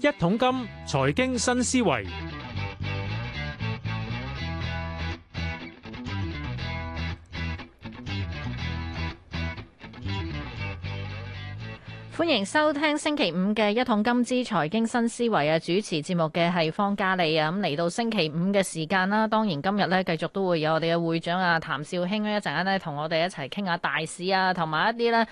一桶金，財經新思維。歡迎收聽星期五嘅一桶金之財經新思維啊！主持節目嘅係方嘉莉啊！咁嚟到星期五嘅時間啦，當然今日咧繼續都會有我哋嘅會長啊，譚紹興咧一陣間咧同我哋一齊傾下大市啊，同埋一啲咧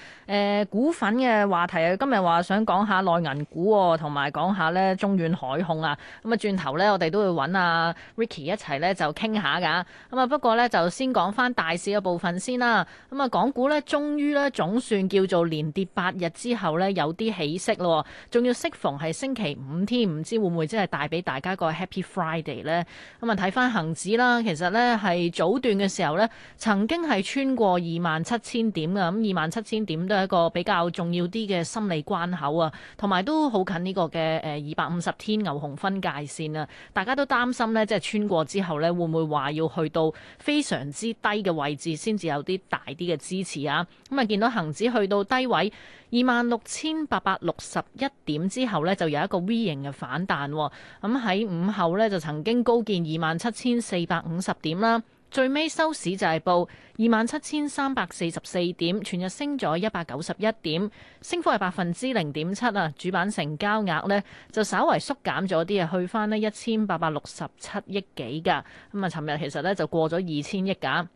誒股份嘅話題啊！今日話想講下內銀股喎，同埋講下咧中遠海控啊！咁啊轉頭咧我哋都會揾阿 Ricky 一齊咧就傾下㗎。咁啊不過咧就先講返大市嘅部分先啦。咁啊港股咧終於咧總算叫做連跌八日之後，咧有啲起色咯，仲要適逢係星期五添，唔知會唔會真係帶俾大家個 Happy Friday 咧？咁、嗯、啊，睇翻恒指啦，其實咧係早段嘅時候咧，曾經係穿過二萬七千點啊，咁二萬七千點都係一個比較重要啲嘅心理關口啊，同埋都好近呢個嘅誒二百五十天牛熊分界線啊，大家都擔心咧，即係穿過之後咧，會唔會話要去到非常之低嘅位置先至有啲大啲嘅支持啊？咁、嗯、啊，見到恒指去到低位二萬六。千八百六十一點之後呢就有一個 V 型嘅反彈、哦。咁、嗯、喺午後呢，就曾經高見二萬七千四百五十點啦。最尾收市就係報二萬七千三百四十四點，全日升咗一百九十一點，升幅係百分之零點七啊。主板成交額呢，就稍為縮減咗啲啊，去翻呢，一千八百六十七億幾噶。咁啊，尋日其實呢，就過咗二千億噶。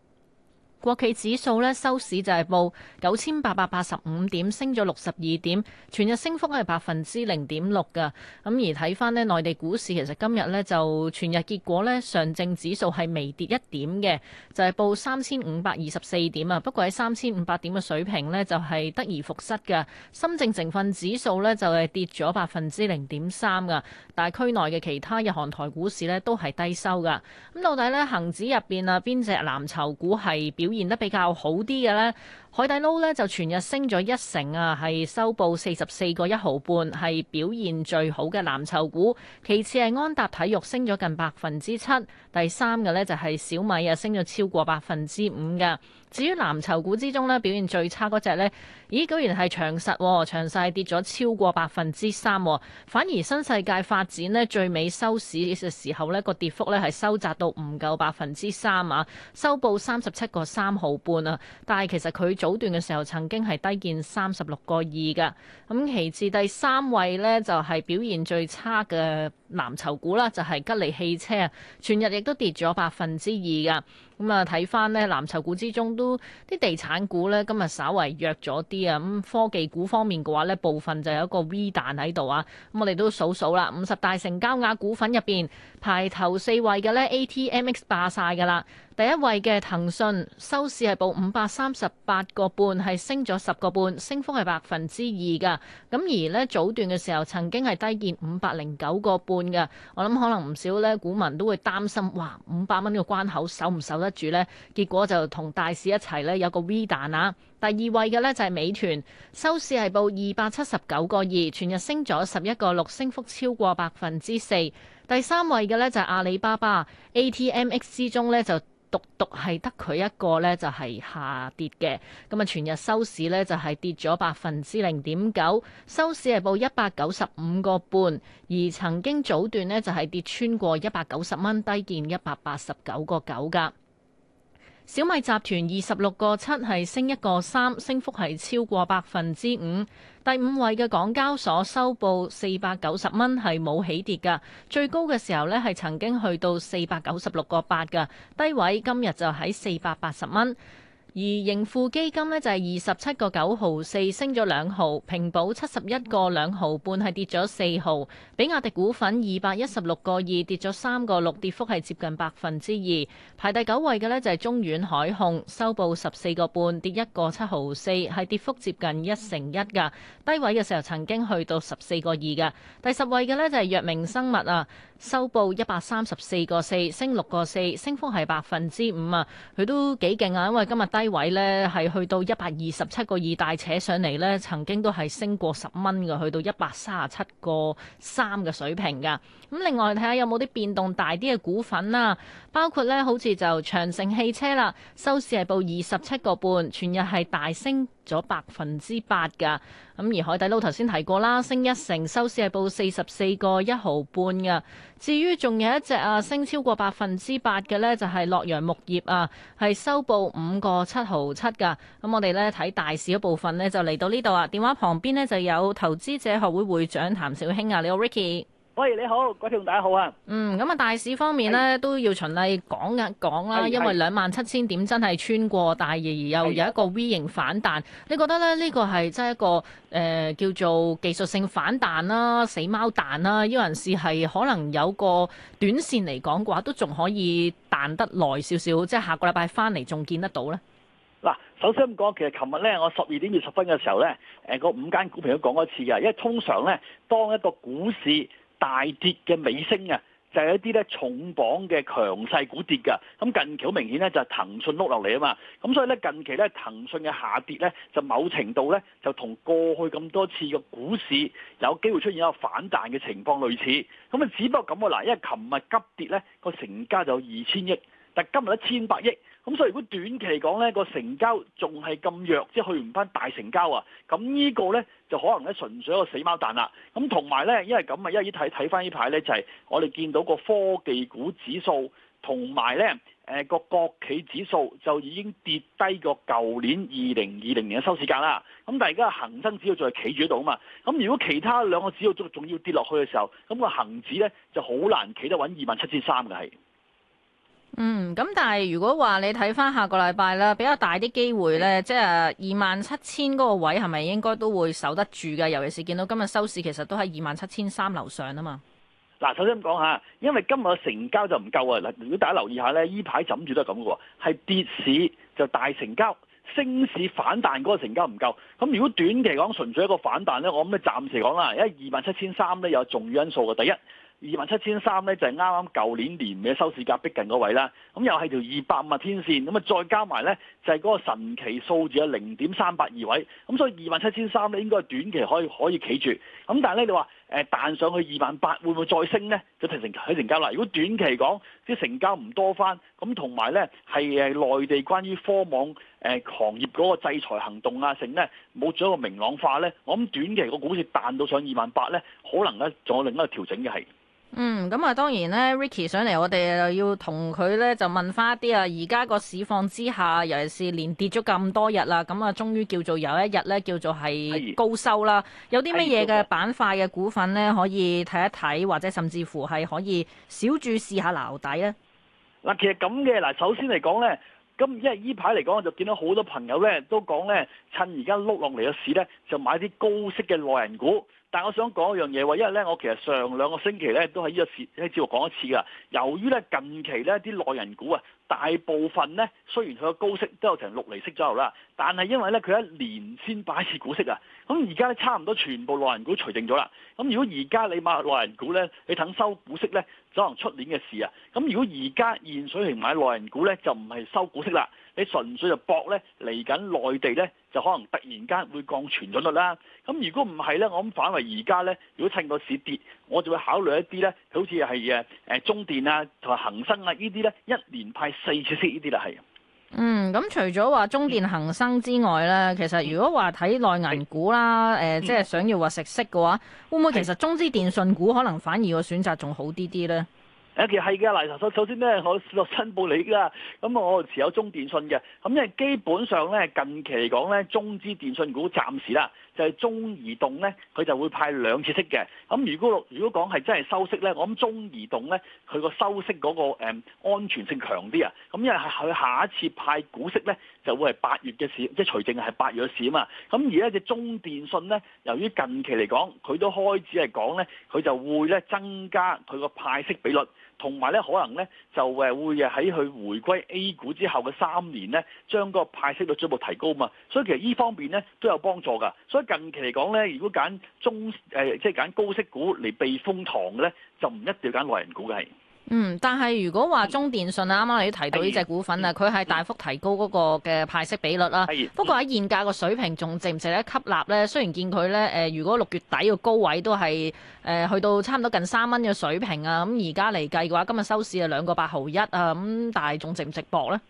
國企指數呢，收市就係報九千八百八十五點，升咗六十二點，全日升幅係百分之零點六㗎。咁而睇翻呢，內地股市，其實今日呢就全日結果呢，上證指數係微跌一點嘅，就係報三千五百二十四點啊。不過喺三千五百點嘅水平呢，就係得而復失嘅。深證成分指數呢，就係跌咗百分之零點三㗎。但係區內嘅其他日韓台股市呢，都係低收㗎。咁到底呢？恒指入面啊，邊隻藍籌股係表表現得比較好啲嘅呢，海底撈呢就全日升咗一成啊，係收報四十四個一毫半，係表現最好嘅藍籌股。其次係安踏體育升咗近百分之七，第三嘅呢就係小米啊，升咗超過百分之五㗎。至於藍籌股之中咧，表現最差嗰隻呢，咦，居然係長實，長實跌咗超過百分之三。反而新世界發展咧，最尾收市嘅時候呢個跌幅呢係收窄到唔夠百分之三啊，收報三十七個三毫半啊。但係其實佢早段嘅時候曾經係低見三十六個二嘅。咁其次第三位呢，就係表現最差嘅。藍籌股啦，就係吉利汽車啊，全日亦都跌咗百分之二噶。咁啊，睇翻呢藍籌股之中都啲地產股呢，今日稍為弱咗啲啊。咁科技股方面嘅話呢，部分就有一個 V 彈喺度啊。咁我哋都數數啦，五十大成交額股份入面，排頭四位嘅呢 ATMX 霸晒噶啦。第一位嘅騰訊收市係報五百三十八個半，係升咗十個半，升幅係百分之二噶。咁而呢早段嘅時候曾經係低見五百零九個半嘅，我諗可能唔少呢股民都會擔心，哇五百蚊嘅關口守唔守得住呢？結果就同大市一齊呢有個 V 彈啊！第二位嘅呢就係美團，收市係報二百七十九個二，全日升咗十一個六，升幅超過百分之四。第三位嘅呢就係阿里巴巴，ATMX 之中呢就獨獨係得佢一個呢就係下跌嘅，咁啊全日收市呢就係跌咗百分之零點九，收市係報一百九十五個半，而曾經早段呢就係跌穿過一百九十蚊，低見一百八十九個九噶。小米集團二十六個七係升一個三，升幅係超過百分之五。第五位嘅港交所收報四百九十蚊，係冇起跌㗎。最高嘅時候呢，係曾經去到四百九十六個八㗎，低位，今日就喺四百八十蚊。而盈富基金呢，就係二十七個九毫四升咗兩毫，平保七十一個兩毫半係跌咗四毫，比亞迪股份二百一十六個二跌咗三個六，跌幅係接近百分之二。排第九位嘅咧就係中遠海控，收報十四個半跌一個七毫四，係跌幅接近一成一噶。低位嘅時候曾經去到十四個二噶。第十位嘅咧就係藥明生物啊，收報一百三十四個四升六個四，升幅係百分之五啊，佢都幾勁啊，因為今日低。低位呢，係去到一百二十七個二，大扯上嚟呢，曾經都係升過十蚊嘅，去到一百三十七個三嘅水平噶。咁另外睇下有冇啲變動大啲嘅股份啦、啊，包括呢好似就長城汽車啦，收市係報二十七個半，全日係大升咗百分之八㗎。咁而海底撈頭先提過啦，升一成，收市係報四十四個一毫半㗎。至於仲有一隻啊，升超過百分之八嘅呢，就係洛陽木業啊，係收報五個七毫七㗎。咁我哋呢睇大市嗰部分呢，就嚟到呢度啊。電話旁邊呢，就有投資者學會會長譚紹興啊，你好，Ricky。喂，你好，各位聽眾大家好啊。嗯，咁啊，大市方面呢，的都要循例講一講啦，的因為兩萬七千點真係穿過大二，大係而又有一個 V 型反彈，的你覺得咧呢、呢個係真係一個誒、呃、叫做技術性反彈啦、死貓彈啦？有人試係可能有個短線嚟講嘅話，都仲可以彈得耐少少，即係下個禮拜翻嚟仲見得到呢。嗱，首先講，其實琴日呢，我十二點二十分嘅時候呢，誒五間股票都講一次嘅，因為通常呢，當一個股市大跌嘅尾聲啊，就係一啲咧重磅嘅強勢股跌嘅，咁近期好明顯咧就係騰訊碌落嚟啊嘛，咁所以咧近期咧騰訊嘅下跌咧就某程度咧就同過去咁多次嘅股市有機會出現一個反彈嘅情況類似，咁啊只不過咁啊嗱，因為琴日急跌咧個成交就有二千億。但今日一千百億，咁所以如果短期嚟講咧，個成交仲係咁弱，即係去唔翻大成交啊，咁呢個咧就可能咧純粹一個死貓彈啦。咁同埋咧，因為咁啊，因為依睇睇翻呢排咧就係、是、我哋見到個科技股指數同埋咧誒個國企指數就已經跌低過舊年二零二零年嘅收市價啦。咁但係而家恒生指數仲係企住喺度啊嘛。咁如果其他兩個指數仲仲要跌落去嘅時候，咁、那個恒指咧就好難企得穩二萬七千三嘅係。嗯，咁但係如果話你睇翻下個禮拜啦，比較大啲機會呢，即係二萬七千嗰個位係咪應該都會守得住㗎？尤其是見到今日收市其實都喺二萬七千三樓上啊嘛。嗱，首先講下，因為今日成交就唔夠啊。嗱，如果大家留意下呢，呢排枕住都係咁嘅喎，係跌市就大成交，升市反彈嗰個成交唔夠。咁如果短期講純粹一個反彈呢，我諗你暫時講啦。因為二萬七千三呢，有重要因素嘅，第一。二萬七千三咧就係啱啱舊年年尾收市價逼近嗰位啦，咁又係條二百萬天線，咁啊再加埋咧就係嗰個神奇數字零點三八二位，咁所以二萬七千三咧應該短期可以可以企住，咁但係咧你話誒彈上去二萬八會唔會再升咧？就睇成睇成交啦。如果短期嚟講啲成交唔多翻，咁同埋咧係誒內地關於科網誒行業嗰個制裁行動啊成咧冇咗一個明朗化咧，我諗短期個股市彈到上二萬八咧，可能咧仲有另一個調整嘅係。嗯，咁啊，當然咧，Ricky 上嚟，我哋又要同佢咧就問翻一啲啊。而家個市況之下，尤其是連跌咗咁多日啦，咁啊，終於叫做有一日咧，叫做係高收啦。有啲乜嘢嘅板塊嘅股份咧，可以睇一睇，或者甚至乎係可以小注試下撈底咧。嗱，其實咁嘅，嗱，首先嚟講咧，咁因為依排嚟講，我就見到好多朋友咧都講咧，趁而家碌落嚟嘅市咧，就買啲高息嘅內銀股。但係我想講一樣嘢，因為咧，我其實上兩個星期咧都喺呢個節節目講一次噶。由於咧，近期咧啲內銀股啊，大部分咧雖然佢個高息都有成六厘息左右啦，但係因為咧佢一年先擺一次股息啊，咁而家差唔多全部內銀股除淨咗啦。咁如果而家你買內銀股咧，你等收股息咧，可能出年嘅事啊。咁如果而家現水平買內銀股咧，就唔係收股息啦。你純粹就搏咧，嚟緊內地咧就可能突然間會降存準率啦。咁如果唔係咧，我諗反為而家咧，如果趁個市跌，我就會考慮一啲咧，好似係誒誒中電啊同埋恒生啊呢啲咧，一年派四次息呢啲啦，係。嗯，咁除咗話中電、恒生之外咧，嗯、其實如果話睇內銀股啦，誒、嗯嗯、即係想要話食息嘅話，嗯、會唔會其實中資電信股可能反而個選擇仲好啲啲咧？尤其係嘅，嗱首首先咧，我落申報你啦。咁、嗯、我持有中電信嘅，咁因為基本上咧，近期嚟講咧，中資電信股暫時啦，就係、是、中移動咧，佢就會派兩次息嘅。咁、嗯、如果如果講係真係收息咧，我諗中移動咧，佢個收息嗰、那個、嗯、安全性強啲啊。咁、嗯、因為係佢下一次派股息咧，就會係八月嘅市，即係除淨係八月嘅市啊嘛。咁、嗯、而家隻中電信咧，由於近期嚟講，佢都開始係講咧，佢就會咧增加佢個派息比率。同埋咧，可能咧就誒會喺佢回歸 A 股之後嘅三年咧，將個派息率進一步提高嘛。所以其實呢方面咧都有幫助㗎。所以近期嚟講咧，如果揀中誒即係揀高息股嚟避風塘嘅咧，就唔一定要揀內銀股嘅係。嗯，但係如果話中電信啊，啱啱你都提到呢隻股份啊，佢係大幅提高嗰個嘅派息比率啦。不過喺現價個水平，仲值唔值得吸納呢？雖然見佢呢，誒、呃，如果六月底個高位都係誒、呃、去到差唔多近三蚊嘅水平啊，咁而家嚟計嘅話，今日收市啊兩個八毫一啊，咁但係仲值唔值博呢？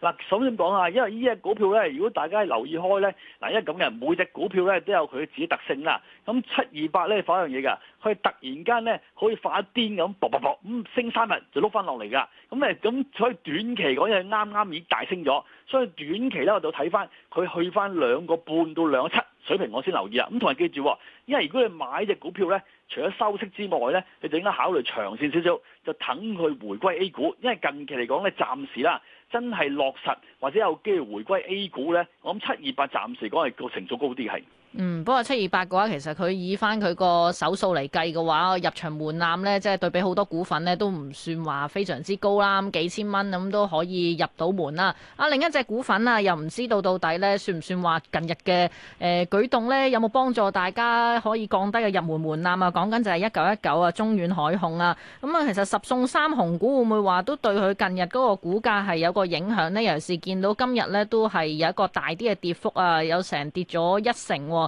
嗱，首先講啊，因為呢隻股票咧，如果大家留意開咧，嗱，因為咁嘅，每隻股票咧都有佢自己特性啦。咁七二八咧，反一樣嘢㗎，佢突然間咧可以發一癲咁，啵啵啵咁升三日就碌翻落嚟㗎。咁誒，咁所以短期講嘢啱啱已經大升咗，所以短期咧我就睇翻佢去翻兩個半到兩個七水平，我先留意啦。咁同埋記住，因為如果你買隻股票咧，除咗收息之外咧，你就應該考慮長線少少，就等佢回歸 A 股，因為近期嚟講咧，暫時啦。真係落實或者有機會回歸 A 股呢，我諗七二八暫時講係個成數高啲係。嗯，不過七二八嘅話，其實佢以翻佢個手數嚟計嘅話，入場門檻呢，即係對比好多股份呢，都唔算話非常之高啦。咁幾千蚊咁都可以入到門啦。啊，另一隻股份啊，又唔知道到底呢，算唔算話近日嘅誒、呃、舉動呢，有冇幫助大家可以降低嘅入門門檻啊？講緊就係一九一九啊，中遠海控啊。咁、嗯、啊，其實十送三紅股會唔會話都對佢近日嗰個股價係有個影響呢？尤其是見到今日呢，都係有一個大啲嘅跌幅啊，有成跌咗一成喎、啊。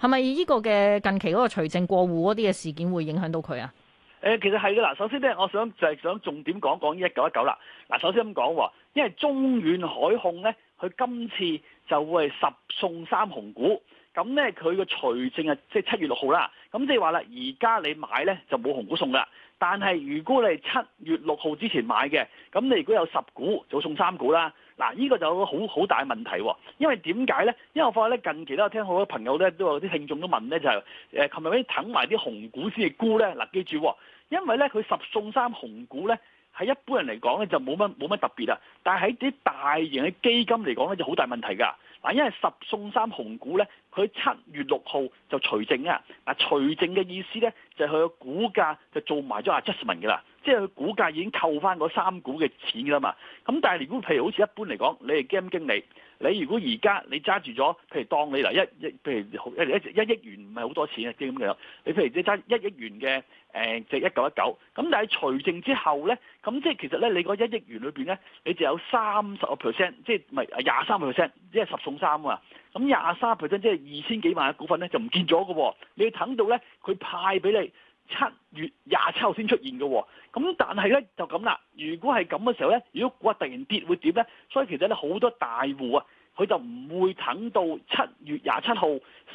係咪呢個嘅近期嗰個除淨過戶嗰啲嘅事件會影響到佢啊？誒、嗯，其實係噶啦，首先咧，我想就係、是、想重點講講一九一九啦。嗱，首先咁講，因為中遠海控咧，佢今次就會係十送三紅股，咁咧佢嘅除淨係即係七月六號啦。咁即係話啦，而家你買咧就冇紅股送噶啦，但係如果你係七月六號之前買嘅，咁你如果有十股就送三股啦。嗱，呢個就好好大問題喎、哦，因為點解咧？因為我發覺咧，近期咧，我聽好多朋友咧，都有啲聽眾都問咧、就係，就係誒，琴日啲等埋啲紅股先至沽咧。嗱，記住、哦，因為咧，佢十送三紅股咧，係一般人嚟講咧就冇乜冇乜特別啊。但係喺啲大型嘅基金嚟講咧就好大問題㗎。嗱，因為十送三紅股咧，佢七月六號就除淨啊。嗱，除淨嘅意思咧，就係佢個股價就做埋咗 adjustment 㗎啦。即係佢股價已經扣翻嗰三股嘅錢㗎嘛，咁但係你估譬如好似一般嚟講，你係基金經理，你如果而家你揸住咗，譬如當你嗱一一譬如一一億一億元唔係好多錢嘅基金嚟㗎，你譬如即係揸一億元嘅誒即係一九一九，咁、呃就是、但係除淨之後咧，咁即係其實咧你嗰一億元裏邊咧，你就有三十個 percent，即係咪啊廿三個 percent，即係十送三啊嘛。咁廿三 percent 即係二千幾萬嘅股份咧就唔見咗㗎喎，你要等到咧佢派俾你。七月廿七號先出現嘅哦，咁但係呢，就咁啦。如果係咁嘅時候呢，如果股突然跌，會點呢？所以其實咧好多大戶啊，佢就唔會等到七月廿七號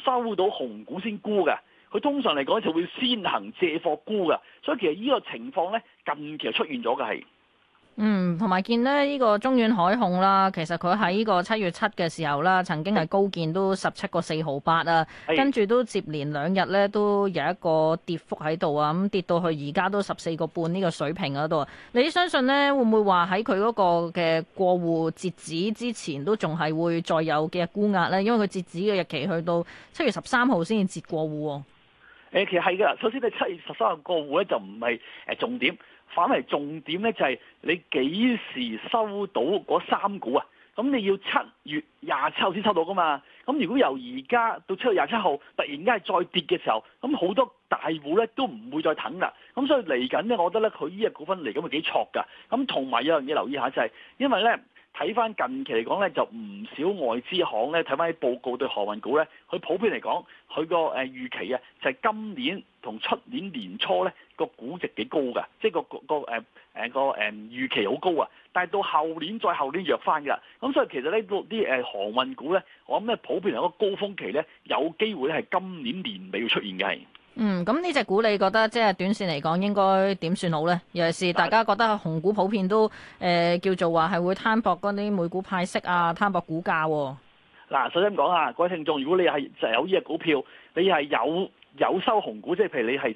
收到紅股先沽嘅，佢通常嚟講就會先行借貨沽嘅。所以其實呢個情況呢，近期出現咗嘅係。嗯，同埋見呢依個中遠海控啦，其實佢喺呢個七月七嘅時候啦，曾經係高見都十七個四毫八啊，跟住都接連兩日呢，都有一個跌幅喺度啊，咁跌到去而家都十四個半呢個水平嗰度。你相信呢？會唔會話喺佢嗰個嘅過戶截止之前都仲係會再有嘅沽壓呢？因為佢截止嘅日期去到七月十三號先至截過戶。誒，其實係噶，首先你七月十三號過戶咧就唔係誒重點。反為重點咧，就係、是、你幾時收到嗰三股啊？咁你要七月廿七號先收到噶嘛？咁如果由而家到七月廿七號，突然間係再跌嘅時候，咁好多大戶咧都唔會再等啦。咁所以嚟緊咧，我覺得咧佢呢隻股份嚟緊係幾錯㗎。咁同埋有樣嘢留意下就係、是，因為咧。睇翻近期嚟講咧，就唔少外資行咧，睇翻啲報告對航運股咧，佢普遍嚟講，佢個誒預期啊，就係、是、今年同出年年初咧個估值幾高噶，即係個個個誒誒個誒預期好高啊，但係到後年再後年弱翻噶，咁所以其實呢個啲誒航運股咧，我諗咧普遍係一個高峰期咧，有機會咧係今年年尾會出現嘅係。嗯，咁呢隻股你覺得即係短線嚟講應該點算好呢？尤其是大家覺得紅股普遍都誒、呃、叫做話係會攤薄嗰啲每股派息啊，攤薄股價，哦。嗱，首先講啊，各位聽眾，如果你係就有呢隻股票，你係有有收紅股，即係譬如你係誒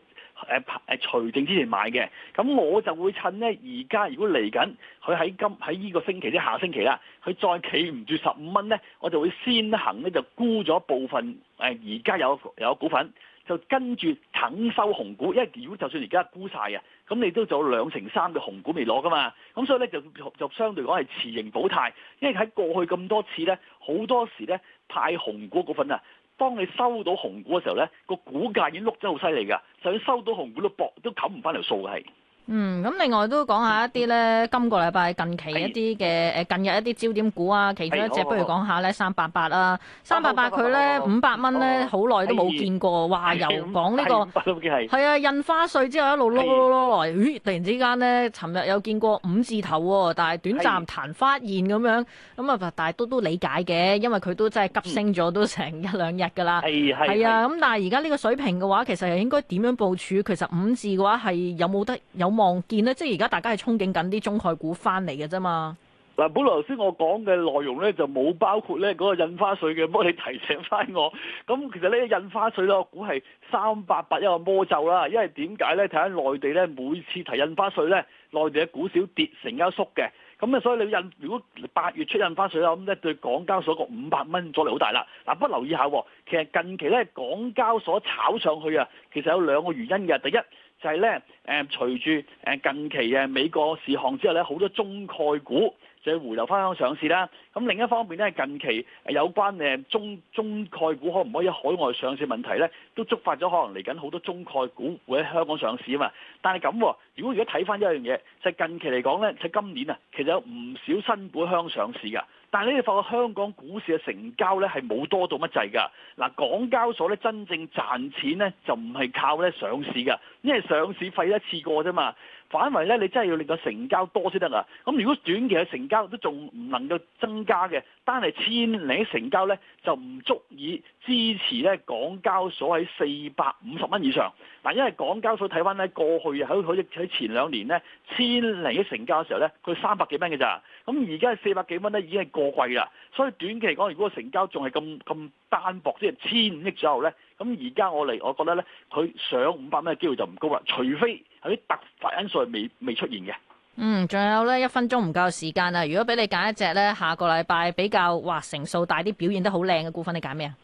誒除淨之前買嘅，咁我就會趁呢而家如果嚟緊佢喺今喺呢個星期即、就是、下星期啦，佢再企唔住十五蚊呢，我就會先行呢，就沽咗部分誒而家有有，有，有股份。就跟住等收紅股，因為如果就算而家沽晒啊，咁你都仲有兩成三嘅紅股未攞噶嘛，咁所以咧就就相對講係持盈保泰，因為喺過去咁多次咧，好多時咧派紅股股份啊，當你收到紅股嘅時候咧，個股價已經碌得好犀利㗎，就算收到紅股都搏都冚唔翻條數㗎係。嗯，咁另外都講下一啲咧，今個禮拜近期一啲嘅，誒近日一啲焦點股啊，其中一隻不如講下咧，三八八啦，三八八佢咧五百蚊咧，好耐都冇見過哇，又講呢個係啊印花稅之後一路攞攞攞來咦，突然之間咧，尋日有見過五字頭喎，但係短暫彈，發現咁樣咁啊，但係都都理解嘅，因為佢都真係急升咗都成一兩日噶啦，係啊，咁但係而家呢個水平嘅話其實係應該點樣部署？其實五字嘅話係有冇得有？望見咧，即係而家大家係憧憬緊啲中概股翻嚟嘅啫嘛。嗱，本來頭先我講嘅內容咧就冇包括咧嗰個印花稅嘅，幫你提醒翻我。咁其實咧印花稅咧個股係三八八一個魔咒啦。因為點解咧？睇下內地咧每次提印花稅咧，內地嘅股少跌成交縮嘅。咁啊，所以你印如果八月出印花稅咧，咁咧對港交所個五百蚊阻力好大啦。嗱，不留意下，其實近期咧港交所炒上去啊，其實有兩個原因嘅。第一就係咧，誒，隨住誒近期嘅美國事項之後咧，好多中概股，就係回流翻香港上市啦，咁另一方面咧，近期有關誒中中概股可唔可以海外上市問題咧，都觸發咗可能嚟緊好多中概股會喺香港上市啊嘛。但係咁、啊，如果如果睇翻一樣嘢，就係、近期嚟講咧，就係、今年啊，其實有唔少新股喺香港上市㗎。但係你哋發覺香港股市嘅成交咧係冇多到乜滯㗎。嗱、啊，港交所咧真正賺錢咧就唔係靠咧上市㗎，因為上市費一次過啫嘛。反為咧，你真係要令個成交多先得啊！咁如果短期嘅成交都仲唔能夠增加嘅，單係千零億成交咧，就唔足以支持咧港交所喺四百五十蚊以上。嗱，因為港交所睇翻咧，過去喺喺前兩年咧，千零億成交嘅時候咧，佢三百幾蚊嘅咋？咁而家係四百幾蚊咧已經係過貴啦。所以短期嚟講，如果個成交仲係咁咁單薄，即係千億左右咧。咁而家我嚟，我覺得咧，佢上五百蚊嘅機會就唔高啦，除非喺啲突發因素未未出現嘅。嗯，仲有咧一分鐘唔夠時間啦，如果俾你揀一隻咧，下個禮拜比較哇成數大啲，表現得好靚嘅股份，你揀咩啊？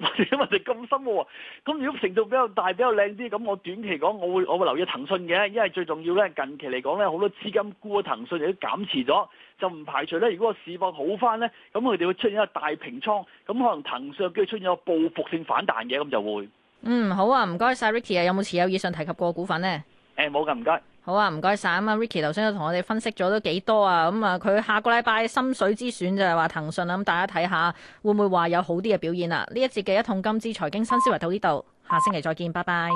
因 問你咁深喎，咁如果程度比較大、比較靚啲，咁我短期講，我會我會留意騰訊嘅，因為最重要咧，近期嚟講咧，好多資金估沽騰訊，亦都減持咗，就唔排除咧，如果市況好翻咧，咁佢哋會出現一個大平倉，咁可能騰訊又跟住出現一個報復性反彈嘅，咁就會。嗯，好啊，唔該晒。Ricky 啊，有冇持有，有以上提及過股份咧？誒、欸，冇㗎，唔該。好啊，唔該曬啊 Ricky 頭先都同我哋分析咗都幾多啊，咁啊佢下個禮拜心水之選就係話騰訊啦，咁、嗯、大家睇下會唔會話有好啲嘅表現啊？呢一節嘅一桶金之財經新思維到呢度，下星期再見，拜拜。